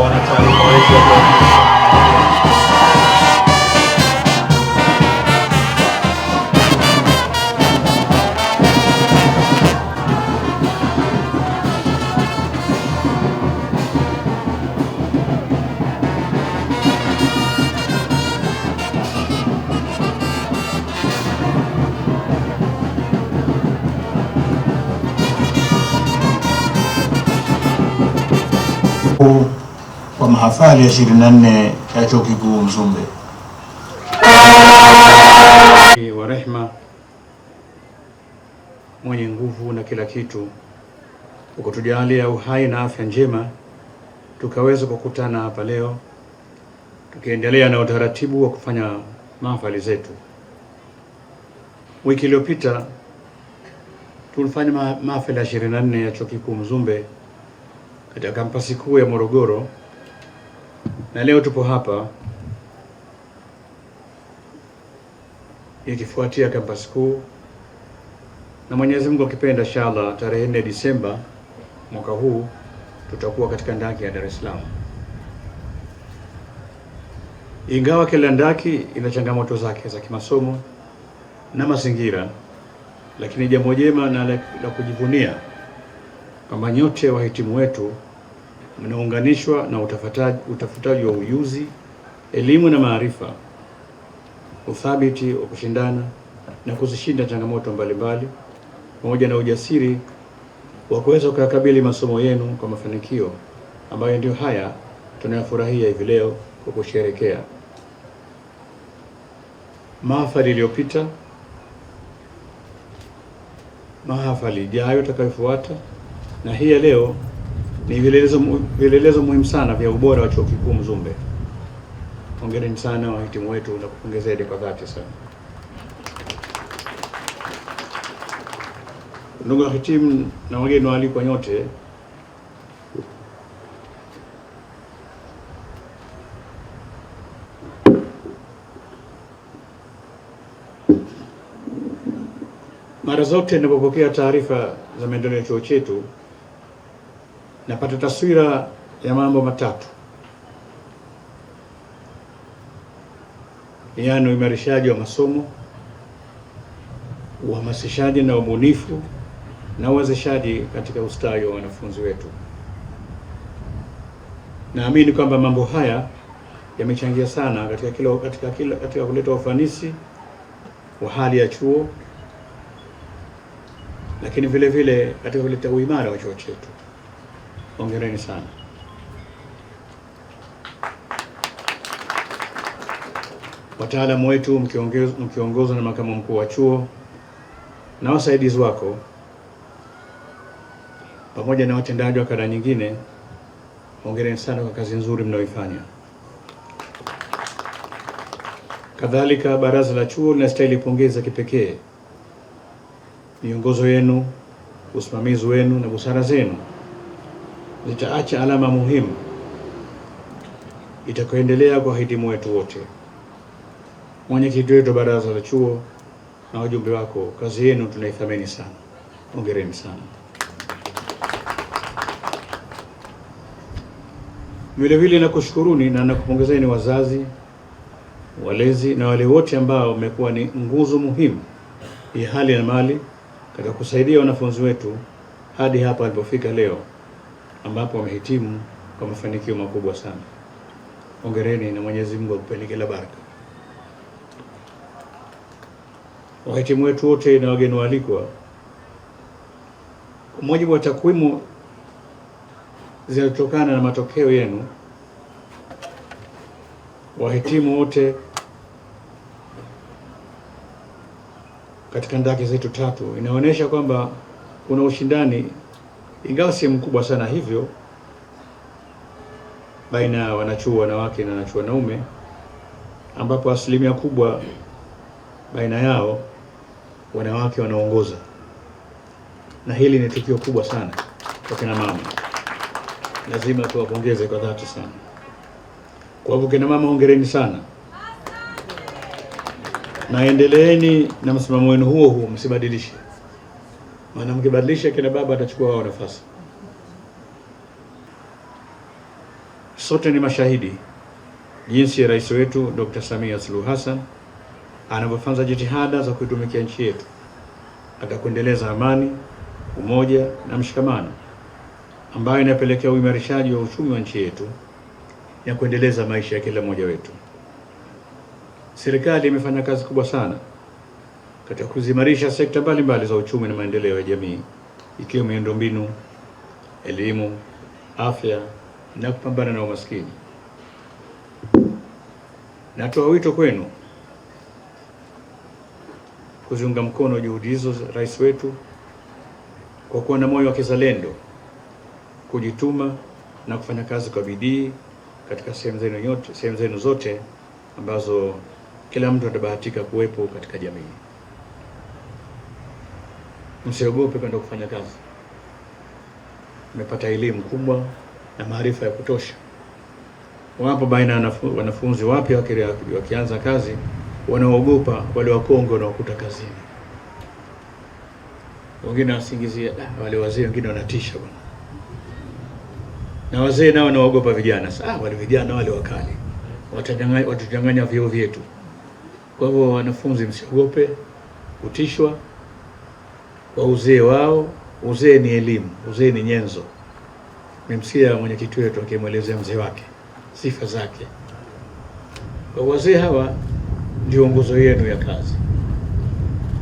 പോകാൻ സാധിക്കും ya 24 ya Chuo Kikuu Mzumbe. Ee wa rehma mwenye nguvu na kila kitu, ukutujalia uhai na afya njema, tukaweza kukutana hapa leo tukiendelea na utaratibu wa kufanya mahafali zetu. Wiki iliyopita tulifanya mahafali ya 24 ya Chuo Kikuu Mzumbe katika kampasi kuu ya Morogoro na leo tupo hapa ikifuatia kampasi kuu, na Mwenyezi Mungu akipenda, inshallah tarehe 4 Disemba mwaka huu tutakuwa katika ndaki ya Dar es Salaam. Ingawa kila ndaki ina changamoto zake za kimasomo na mazingira, lakini jambo jema na la kujivunia kwamba nyote wahitimu wetu mnaunganishwa na utafutaji, utafutaji wa ujuzi, elimu na maarifa, uthabiti wa kushindana na kuzishinda changamoto mbalimbali, pamoja na ujasiri wa kuweza kuyakabili masomo yenu kwa mafanikio ambayo ndio haya tunayofurahia hivi leo kwa kusherekea mahafali iliyopita, mahafali ijayo itakayofuata na hii ya leo ni vielelezo vielelezo muhimu sana vya ubora wa chuo kikuu Mzumbe. Hongereni sana wahitimu wetu na kupongezeni kwa dhati sana. Ndugu wahitimu na wageni waalikwa nyote, mara zote ninapopokea taarifa za maendeleo ya chuo chetu napata taswira ya mambo matatu, yaani uimarishaji wa masomo, uhamasishaji na ubunifu na uwezeshaji katika ustawi wa wanafunzi wetu. Naamini kwamba mambo haya yamechangia sana katika kila, katika kila, katika kuleta ufanisi wa hali ya chuo, lakini vile vile katika kuleta uimara wa chuo chetu. Hongereni sana. Wataalamu wetu mkiongozwa na makamu mkuu wa chuo na wasaidizi wako pamoja na watendaji wa kada nyingine, hongereni sana kwa kazi nzuri mnayoifanya. Kadhalika, baraza la chuo linastahili pongezi za kipekee. Miongozo yenu, usimamizi wenu na busara zenu nitaacha alama muhimu itakayoendelea kwa wahitimu wetu wote. Mwenyekiti wetu baraza la chuo na wajumbe wako, kazi yenu tunaithamini sana, hongereni sana. Vilevile nakushukuruni na nakupongezeni wazazi, walezi na wale wote ambao mmekuwa ni nguzo muhimu ya hali na mali katika kusaidia wanafunzi wetu hadi hapa walipofika leo ambapo wamehitimu kwa mafanikio makubwa sana. Hongereni na Mwenyezi Mungu akupeni kila baraka. Wahitimu wetu wote na wageni waalikwa, kwa mujibu wa takwimu zinazotokana na matokeo yenu, wahitimu wote katika ndaki zetu tatu inaonyesha kwamba kuna ushindani ingawa sehemu kubwa sana hivyo baina ya wanachuo wanawake na wanachuo wanaume, ambapo asilimia kubwa baina yao wanawake wanaongoza, na hili ni tukio kubwa sana kwa kina mama. Lazima tuwapongeze kwa dhati sana. Kwa hivyo, kina mama, hongereni sana naendeleeni na msimamo wenu huo huo, msibadilishe maana mkibadilisha kina baba atachukua wao nafasi. Sote ni mashahidi jinsi ya rais wetu Dr. Samia Suluhu Hassan anavyofanya jitihada za kuitumikia nchi yetu katika kuendeleza amani, umoja na mshikamano ambayo inapelekea uimarishaji wa uchumi wa nchi yetu na kuendeleza maisha ya kila mmoja wetu. Serikali imefanya kazi kubwa sana katika kuzimarisha sekta mbalimbali za uchumi na maendeleo ya jamii ikiwa miundombinu, elimu, afya na kupambana na umaskini. Natoa wito kwenu kuziunga mkono juhudi hizo za rais wetu kwa kuwa na moyo wa kizalendo, kujituma na kufanya kazi kwa bidii katika sehemu zenu nyote, sehemu zenu zote ambazo kila mtu atabahatika kuwepo katika jamii. Msiogope kwenda kufanya kazi. Mmepata elimu kubwa na maarifa ya kutosha. Wapo baina ya wanafunzi wapya wakianza kazi wanaogopa wale wakongwe wanaokuta kazini, wengine wasingizia ah, wale wazee, wengine wanatisha bwana, na wazee nao wanaogopa vijana. Sasa ah, wale vijana wale wakali watudanganya vyeo vyetu. Kwa hivyo, wanafunzi msiogope kutishwa wa uzee wao. Uzee ni elimu, uzee ni nyenzo. Memsikia mwenyekiti wetu akimwelezea mzee wake sifa zake. Kwa wazee hawa ndio nguzo yenu ya kazi,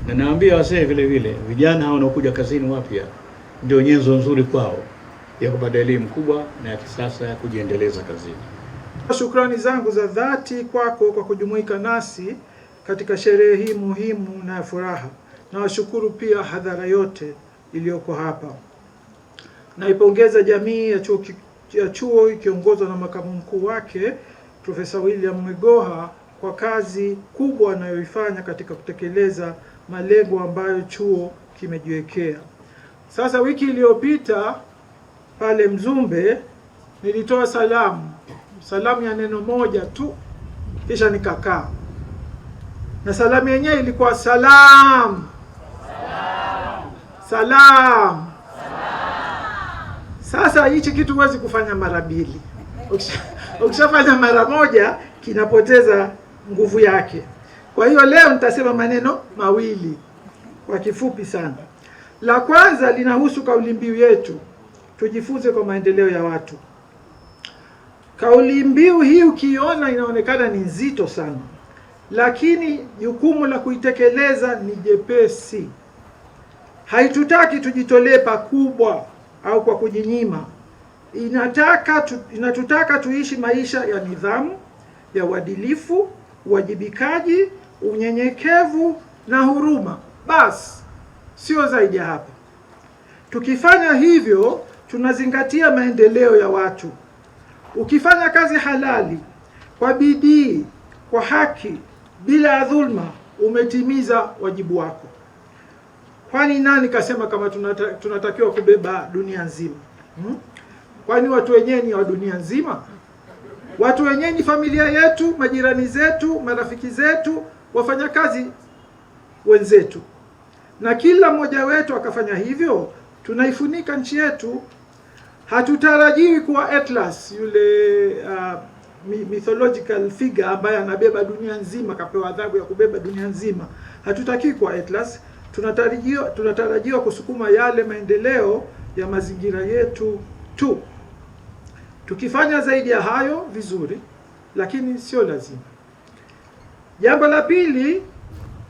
na naambia wazee vile vile, vijana hao wanaokuja kazini wapya ndio nyenzo nzuri kwao ya kupata elimu kubwa na ya kisasa ya kujiendeleza kazini. Shukrani zangu za dhati kwako kwa kujumuika nasi katika sherehe hii muhimu na ya furaha. Nawashukuru pia hadhara yote iliyoko hapa. Naipongeza jamii ya chuo, ya chuo ikiongozwa na makamu mkuu wake Profesa William Migoha kwa kazi kubwa anayoifanya katika kutekeleza malengo ambayo chuo kimejiwekea. Sasa wiki iliyopita pale Mzumbe nilitoa salamu, salamu ya neno moja tu, kisha nikakaa na salamu yenyewe ilikuwa salamu salam. Sasa hichi kitu huwezi kufanya mara mbili. Ukishafanya mara moja kinapoteza nguvu yake. Kwa hiyo leo nitasema maneno mawili kwa kifupi sana. La kwanza linahusu kauli mbiu yetu, tujifunze kwa maendeleo ya watu. Kauli mbiu hii ukiona inaonekana ni nzito sana, lakini jukumu la kuitekeleza ni jepesi haitutaki tujitolee pakubwa au kwa kujinyima, inataka tu, inatutaka tuishi maisha ya nidhamu, ya uadilifu, uwajibikaji, unyenyekevu na huruma. Basi sio zaidi ya hapo. Tukifanya hivyo, tunazingatia maendeleo ya watu. Ukifanya kazi halali kwa bidii, kwa haki, bila ya dhulma, umetimiza wajibu wako. Kwani nani kasema kama tunata, tunatakiwa kubeba dunia nzima hmm? Kwani watu wenyewe ni wa dunia nzima? Watu wenyewe ni familia yetu, majirani zetu, marafiki zetu, wafanyakazi wenzetu, na kila mmoja wetu akafanya hivyo, tunaifunika nchi yetu. Hatutarajiwi kuwa Atlas yule uh, mythological figure ambaye anabeba dunia nzima, kapewa adhabu ya kubeba dunia nzima. Hatutakiwi kuwa Atlas tunatarajiwa, tunatarajiwa kusukuma yale maendeleo ya mazingira yetu tu. Tukifanya zaidi ya hayo vizuri, lakini sio lazima. Jambo la pili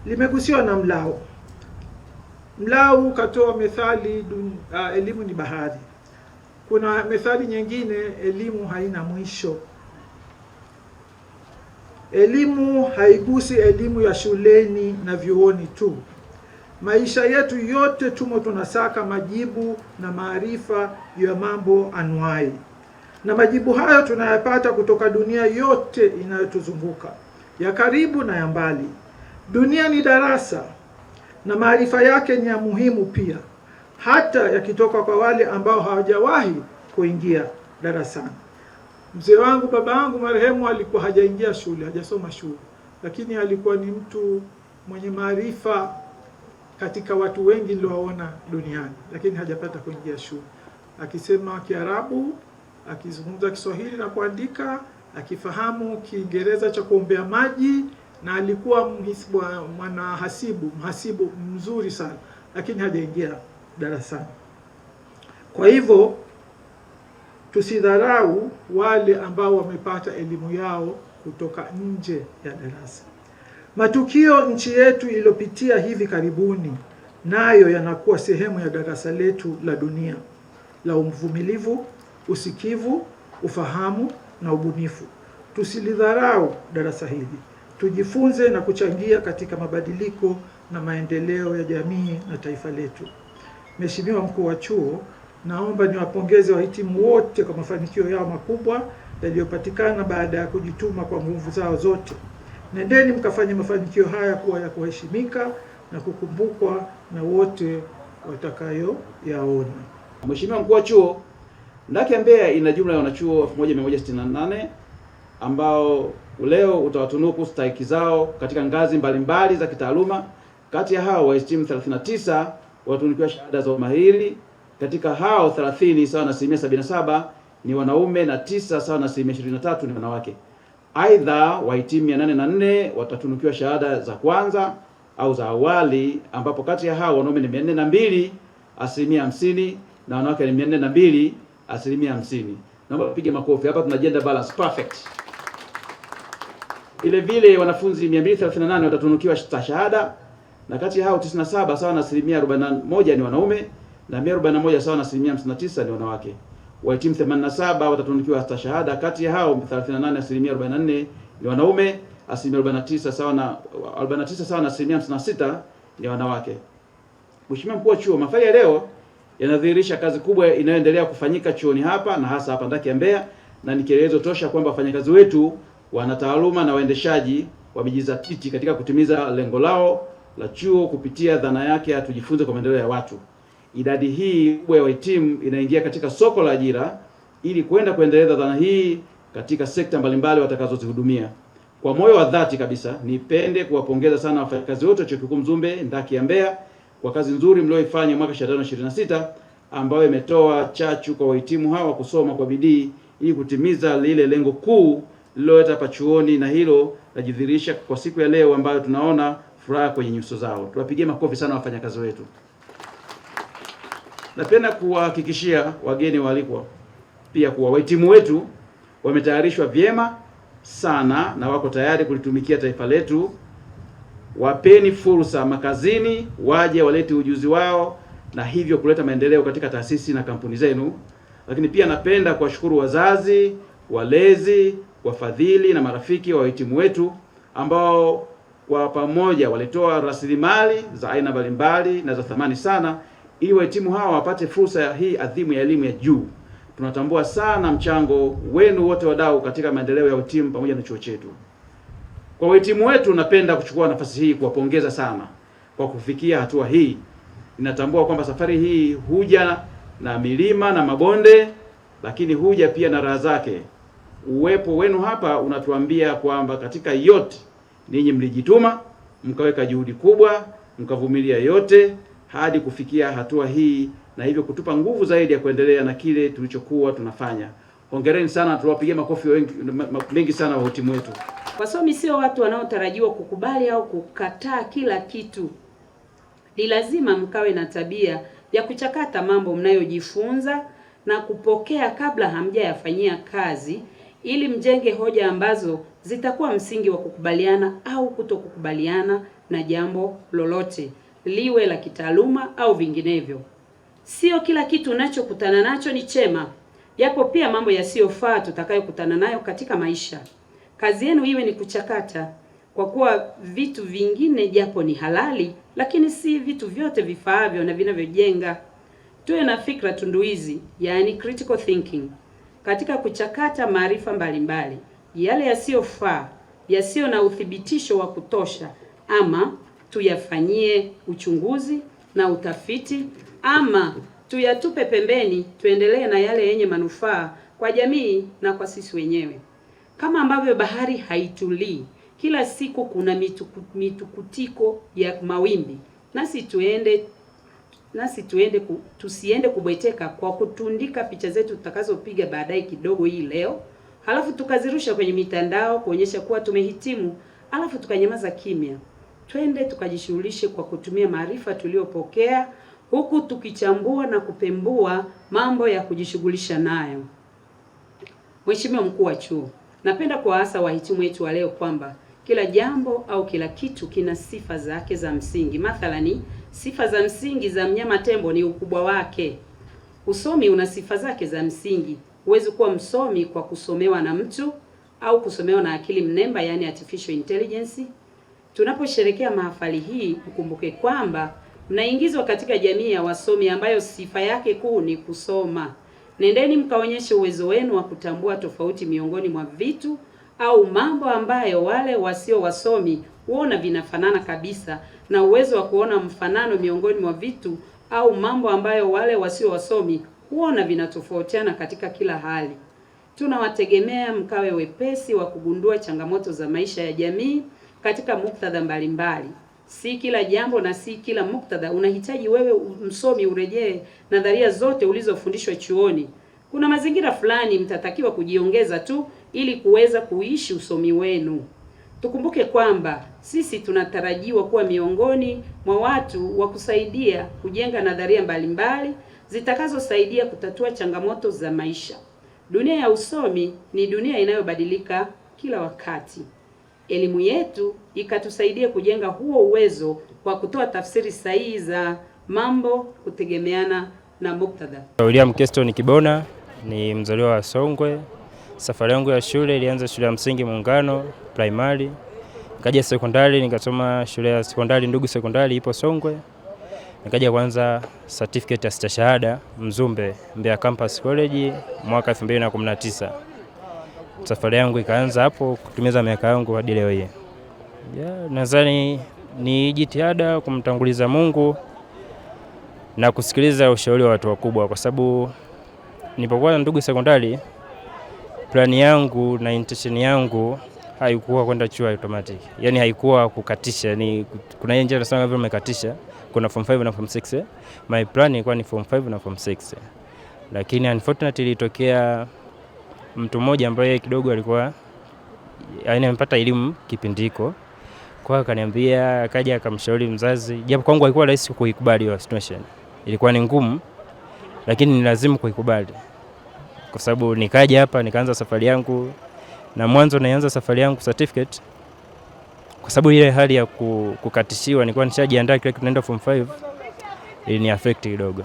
limegusiwa na Mlao. Mlao katoa methali dun, uh, elimu ni bahari. Kuna methali nyingine, elimu haina mwisho. Elimu haigusi elimu ya shuleni na vyuoni tu. Maisha yetu yote tumo tunasaka majibu na maarifa ya mambo anuai, na majibu hayo tunayapata kutoka dunia yote inayotuzunguka ya karibu na ya mbali. Dunia ni darasa na maarifa yake ni ya muhimu pia, hata yakitoka kwa wale ambao hawajawahi kuingia darasani. Mzee wangu baba yangu marehemu alikuwa hajaingia shule, hajasoma shule, lakini alikuwa ni mtu mwenye maarifa katika watu wengi niliowaona duniani, lakini hajapata kuingia shule. Akisema Kiarabu, akizungumza Kiswahili na kuandika, akifahamu Kiingereza cha kuombea maji, na alikuwa mwanahasibu, mhasibu mzuri sana, lakini hajaingia darasani. Kwa hivyo tusidharau wale ambao wamepata elimu yao kutoka nje ya darasa. Matukio nchi yetu iliyopitia hivi karibuni nayo yanakuwa sehemu ya darasa letu la dunia la uvumilivu, usikivu, ufahamu na ubunifu. Tusilidharau darasa hili, tujifunze na kuchangia katika mabadiliko na maendeleo ya jamii na taifa letu. Mheshimiwa mkuu wa chuo, naomba niwapongeze wahitimu wote kwa mafanikio yao makubwa yaliyopatikana baada ya kujituma kwa nguvu zao zote. Nendeni mkafanye mafanikio haya kuwa ya kuheshimika na kukumbukwa na wote watakayoyaona. Mheshimiwa mkuu wa chuo, ndaki ya Mbeya ina jumla ya wanachuo 1168 ambao leo utawatunuku stahiki zao katika ngazi mbalimbali za kitaaluma. Kati ya hao wahitimu 39 watunukiwa shahada za umahiri. Katika hao 30 sawa na asilimia 77 ni wanaume na 9 sawa na asilimia 23 ni wanawake. Aidha, wahitimu mia nane na nne watatunukiwa shahada za kwanza au za awali ambapo kati ya hao wanaume ni mia na mbili asilimia hamsini na wanawake ni mia na mbili asilimia hamsini. Naomba tupige makofi hapa, tuna gender balance perfect. Vile vile wanafunzi 238 watatunukiwa shahada na kati ya hao 97 sawa na asilimia 41 ni wanaume na 141 sawa na asilimia 59 ni wanawake wa timu 87 watatunukiwa stashahada. Kati ya hao 38, asilimia 44 ni wanaume, asilimia 49 sawa na 49 sawa na asilimia 56 ni wanawake. Mheshimiwa mkuu wa chuo, mahafali ya leo yanadhihirisha kazi kubwa inayoendelea kufanyika chuoni hapa na hasa hapa ndaki ya Mbeya, na ni kielelezo tosha kwamba wafanyakazi wetu wanataaluma na waendeshaji wamejizatiti katika kutimiza lengo lao la chuo kupitia dhana yake ya tujifunze kwa maendeleo ya watu idadi hii kubwa ya wahitimu inaingia katika soko la ajira ili kwenda kuendeleza dhana hii katika sekta mbalimbali watakazozihudumia. Kwa moyo wa dhati kabisa, nipende kuwapongeza sana wafanyakazi wote wa Chuo Kikuu Mzumbe ndaki ya Mbeya kwa kazi nzuri mlioifanya mwaka 2026 ambayo imetoa chachu kwa wahitimu hawa kusoma kwa bidii ili kutimiza lile lengo kuu lililoleta hapa chuoni, na hilo najidhihirisha kwa siku ya leo ambayo tunaona furaha kwenye nyuso zao. Tuwapigie makofi sana wafanyakazi wetu. Napenda kuwahakikishia wageni walikuwa pia kuwa wahitimu wetu wametayarishwa vyema sana na wako tayari kulitumikia taifa letu. Wapeni fursa makazini, waje walete ujuzi wao na hivyo kuleta maendeleo katika taasisi na kampuni zenu. Lakini pia napenda kuwashukuru wazazi, walezi, wafadhili na marafiki wa wahitimu wetu ambao kwa pamoja walitoa rasilimali za aina mbalimbali na za thamani sana ili wahitimu hawa wapate fursa hii adhimu ya elimu ya juu. Tunatambua sana mchango wenu wote wadau katika maendeleo ya uhitimu pamoja na chuo chetu. Kwa wahitimu wetu, napenda kuchukua nafasi hii kuwapongeza sana kwa kufikia hatua hii. Ninatambua kwamba safari hii huja na milima na mabonde, lakini huja pia na raha zake. Uwepo wenu hapa unatuambia kwamba katika yote ninyi mlijituma, mkaweka juhudi kubwa, mkavumilia yote hadi kufikia hatua hii na hivyo kutupa nguvu zaidi ya kuendelea na kile tulichokuwa tunafanya. Hongereni sana, tuwapigie makofi wengi, mengi sana wa timu yetu. Wasomi sio watu wanaotarajiwa kukubali au kukataa kila kitu. Ni lazima mkawe na tabia ya kuchakata mambo mnayojifunza na kupokea kabla hamjayafanyia kazi ili mjenge hoja ambazo zitakuwa msingi wa kukubaliana au kutokukubaliana na jambo lolote liwe la kitaaluma au vinginevyo. Sio kila kitu unachokutana nacho ni chema, yapo pia mambo yasiyofaa tutakayokutana nayo katika maisha. Kazi yenu iwe ni kuchakata, kwa kuwa vitu vingine japo ni halali, lakini si vitu vyote vifaavyo na vinavyojenga. Tuwe na fikra tunduizi, yani critical thinking, katika kuchakata maarifa mbalimbali, yale yasiyofaa, yasiyo na uthibitisho wa kutosha ama tuyafanyie uchunguzi na utafiti, ama tuyatupe pembeni, tuendelee na yale yenye manufaa kwa jamii na kwa sisi wenyewe. Kama ambavyo bahari haitulii, kila siku kuna mituku, mitukutiko ya mawimbi, nasi tuende nasi tuende ku, tusiende kubweteka kwa kutundika picha zetu tutakazopiga baadaye kidogo hii leo, halafu tukazirusha kwenye mitandao kuonyesha kuwa tumehitimu, halafu tukanyamaza kimya twende tukajishughulishe kwa kutumia maarifa tuliyopokea, huku tukichambua na kupembua mambo ya kujishughulisha nayo. Mheshimiwa mkuu wa chuo, napenda kuwaasa wahitimu wetu wa leo kwamba kila jambo au kila kitu kina sifa zake za msingi. Mathalani, sifa za msingi za mnyama tembo ni ukubwa wake. Usomi una sifa zake za msingi. Huwezi kuwa msomi kwa kusomewa na mtu au kusomewa na akili mnemba, yani artificial intelligence. Tunaposherekea mahafali hii, ukumbuke kwamba mnaingizwa katika jamii ya wasomi ambayo sifa yake kuu ni kusoma. Nendeni mkaonyeshe uwezo wenu wa kutambua tofauti miongoni mwa vitu au mambo ambayo wale wasio wasomi huona vinafanana kabisa, na uwezo wa kuona mfanano miongoni mwa vitu au mambo ambayo wale wasio wasomi huona vinatofautiana katika kila hali. Tunawategemea mkawe wepesi wa kugundua changamoto za maisha ya jamii katika muktadha mbalimbali. Si kila jambo na si kila muktadha unahitaji wewe msomi urejee nadharia zote ulizofundishwa chuoni. Kuna mazingira fulani mtatakiwa kujiongeza tu ili kuweza kuishi usomi wenu. Tukumbuke kwamba sisi tunatarajiwa kuwa miongoni mwa watu wa kusaidia kujenga nadharia mbalimbali zitakazosaidia kutatua changamoto za maisha. Dunia ya usomi ni dunia inayobadilika kila wakati elimu yetu ikatusaidia kujenga huo uwezo kwa kutoa tafsiri sahihi za mambo kutegemeana na muktadha. William Keston Kibona ni mzaliwa wa Songwe. Safari yangu ya shule ilianza shule ya msingi Muungano Primary, nikaja sekondari nikasoma shule ya sekondari Ndugu Sekondari ipo Songwe, nikaja kwanza certificate ya stashahada Mzumbe Mbeya Campus College mwaka 2019 safari yangu ikaanza hapo kutimiza miaka yangu hadi leo hii. Yeah, nadhani ni jitihada kumtanguliza Mungu na kusikiliza ushauri wa watu wakubwa, kwa sababu nilipokuwa na ndugu sekondari, plani yangu na intention yangu haikuwa kwenda chuo automatic, yani haikuwa kukatisha. Ni kuna yeye njia nasema vile umekatisha, kuna form 5 na form 6. My plan ilikuwa ni form 5 na form 6, lakini unfortunately ilitokea mtu mmoja ambaye kidogo alikuwa yaani amepata elimu kipindi hiko, kwa akaniambia, akaja akamshauri mzazi, japo kwangu alikuwa rahisi kuikubali hiyo situation, ilikuwa ni ngumu, lakini ni lazima kuikubali kwa sababu nikaja hapa nikaanza safari yangu, na mwanzo naanza safari yangu certificate, kwa sababu ile hali ya kukatishiwa nilikuwa nishajiandaa kile kinaenda form 5 ili ni affect kidogo,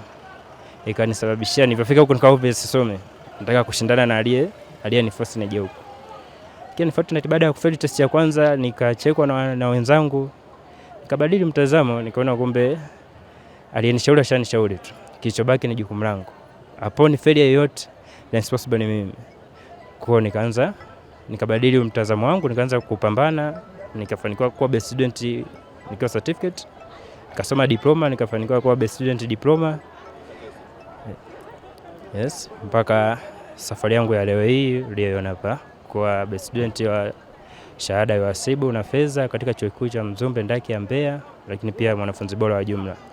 ikanisababishia nilipofika huko nikawa obvious sisome, nataka kushindana na aliye aliani Fortune jeupe. Kile Fortunate baada ya kufeli test ya kwanza nikachekwa na, na wenzangu. Nikabadili mtazamo nikaona kumbe aliyenishauri ashanishauri tu. Kilichobaki ni jukumu langu. Hapo ni failure yoyote na responsible ni mimi. Kwa nikaanza nikabadili mtazamo wangu nikaanza kupambana nikafanikiwa kuwa best student nikiwa certificate nikasoma diploma nikafanikiwa kuwa best student diploma. Yes, mpaka safari yangu ya leo hii uliyoiona hapa kwa student wa shahada ya uhasibu na fedha katika chuo kikuu cha Mzumbe ndaki ya Mbeya, lakini pia mwanafunzi bora wa jumla.